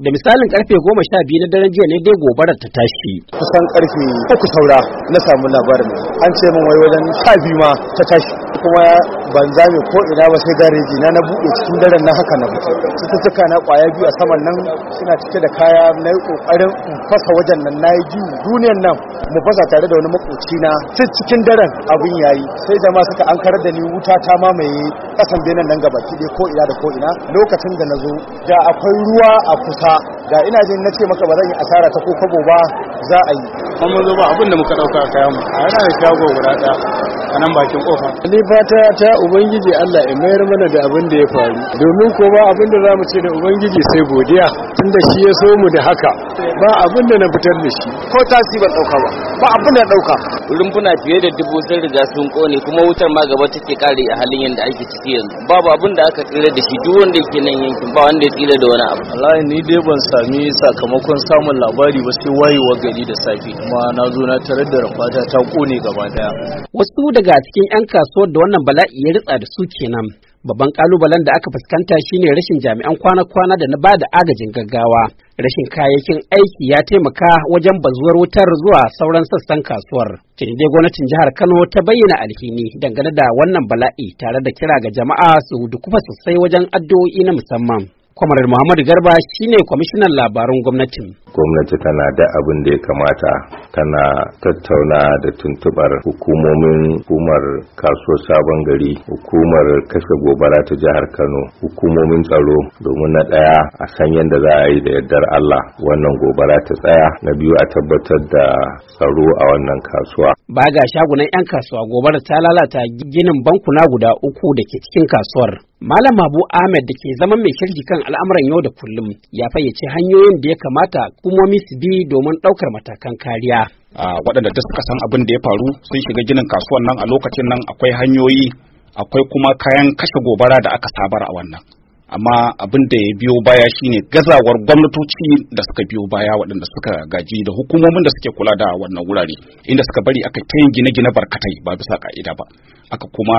da misalin karfe goma sha biyu na daren jiya ne dai gobarar ta tashi kusan karfe uku saura na samu labarin an ce min wai wajen sha biyu ma ta tashi kuma ban zame ko ina ba sai dare jina na buɗe cikin daren na haka na fito cututtuka na ƙwaya biyu a saman nan suna cike da kaya na yi ƙoƙarin fasa wajen nan na yi biyu duniyan nan mu fasa tare da wani makoci na tun cikin daren abin ya yi. sai da ma suka an karar da ni wuta ta mamaye ƙasan benin nan gaba ki ko ina da ko ina lokacin da na zo da akwai ruwa a kusa da ina jin na ce maka ba zan yi asara ta ko kabo ba za a yi kuma zo ba abin muka dauka kayan mu a yana da shago guda daya a nan bakin kofa ni fata ta ubangiji Allah ya mayar mana da abin da ya faru domin ko ba abin da zamu ce da ubangiji sai godiya tunda shi ya so mu da haka ba abin da na fitar da shi ko tasi ban dauka ba ba abin da dauka rumfuna fiye da dubu sun riga sun kone kuma wutar ma gaba take kare a halin yanda ake ciki yanzu babu abin da aka tsira da shi duk wanda yake nan yankin ba wanda ya tsira da wani abu wallahi ni dai ban sami sakamakon samun labari ba sai wayewa gari da safe kuma na zo na tarar da rafata ta kone gaba daya wasu daga cikin yan kasuwar da wannan bala'i ya ritsa da su kenan babban kalubalen da aka fuskanta shine rashin jami'an kwana-kwana da na ba da agajin gaggawa rashin kayayyakin aiki ya taimaka wajen bazuwar wutar zuwa sauran sassan kasuwar dai gwamnatin jihar kano ta bayyana alhini dangane da wannan bala'i tare da kira ga jama'a su dukufa sosai wajen addu'o'i na musamman kwamarar muhammadu garba shine kwamishinan labarun gwamnatin gwamnati tana da abin da ya kamata tana tattauna da tuntubar hukumomin hukumar kasuwar sabon gari hukumar kashe gobara ta jihar kano hukumomin tsaro domin na ɗaya a san yadda za a yi da yardar allah wannan gobara ta tsaya na biyu a tabbatar da tsaro a wannan kasuwa ba ga shagunan 'yan kasuwa gobara ta lalata ginin bankuna guda uku da ke cikin kasuwar Malam Abu Ahmed da ke zaman mai shirji kan al'amuran yau da kullum ya fayyace hanyoyin da ya kamata hukumomi su bi domin ɗaukar matakan kariya. Waɗanda duk suka san abin da ya faru sun shiga ginin kasuwan nan a lokacin nan akwai hanyoyi akwai kuma kayan kashe gobara da aka sabar a wannan. Amma abin da ya biyo baya shine gazawar gwamnatoci da suka biyo baya waɗanda suka gaji da hukumomin da suke kula da wannan wurare inda suka bari aka ta yin gine-gine barkatai ba bisa ka'ida ba aka kuma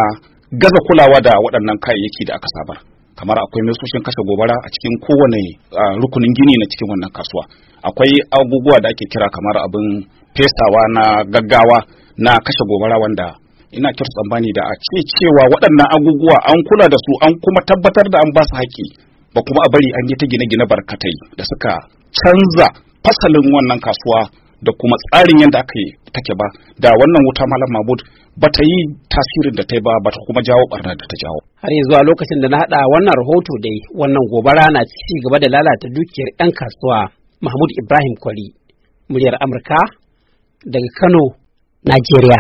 gaza kulawa da waɗannan kayayyaki da aka sabar kamar akwai mesoshin kashe gobara a cikin kowane rukunin gini na cikin wannan kasuwa akwai abubuwa da ake kira kamar abin fesawa na gaggawa na kashe gobara wanda ina kyar tsammani da a ce cewa waɗannan abubuwa an kula da su an kuma tabbatar da an ba su haƙƙi ba kuma a bari an yi ta gine-gine barkatai da suka canza fasalin wannan kasuwa da kuma tsarin yadda aka yi take ba da wannan wuta malam mahmud ba ta yi tasirin da ta yi ba ba ta kuma jawo barna da ta jawo har a lokacin da na hada wannan rahoto dai wannan gobara na ci gaba da lalata dukiyar yan kasuwa mahmud ibrahim kwari muryar amurka daga kano najeriya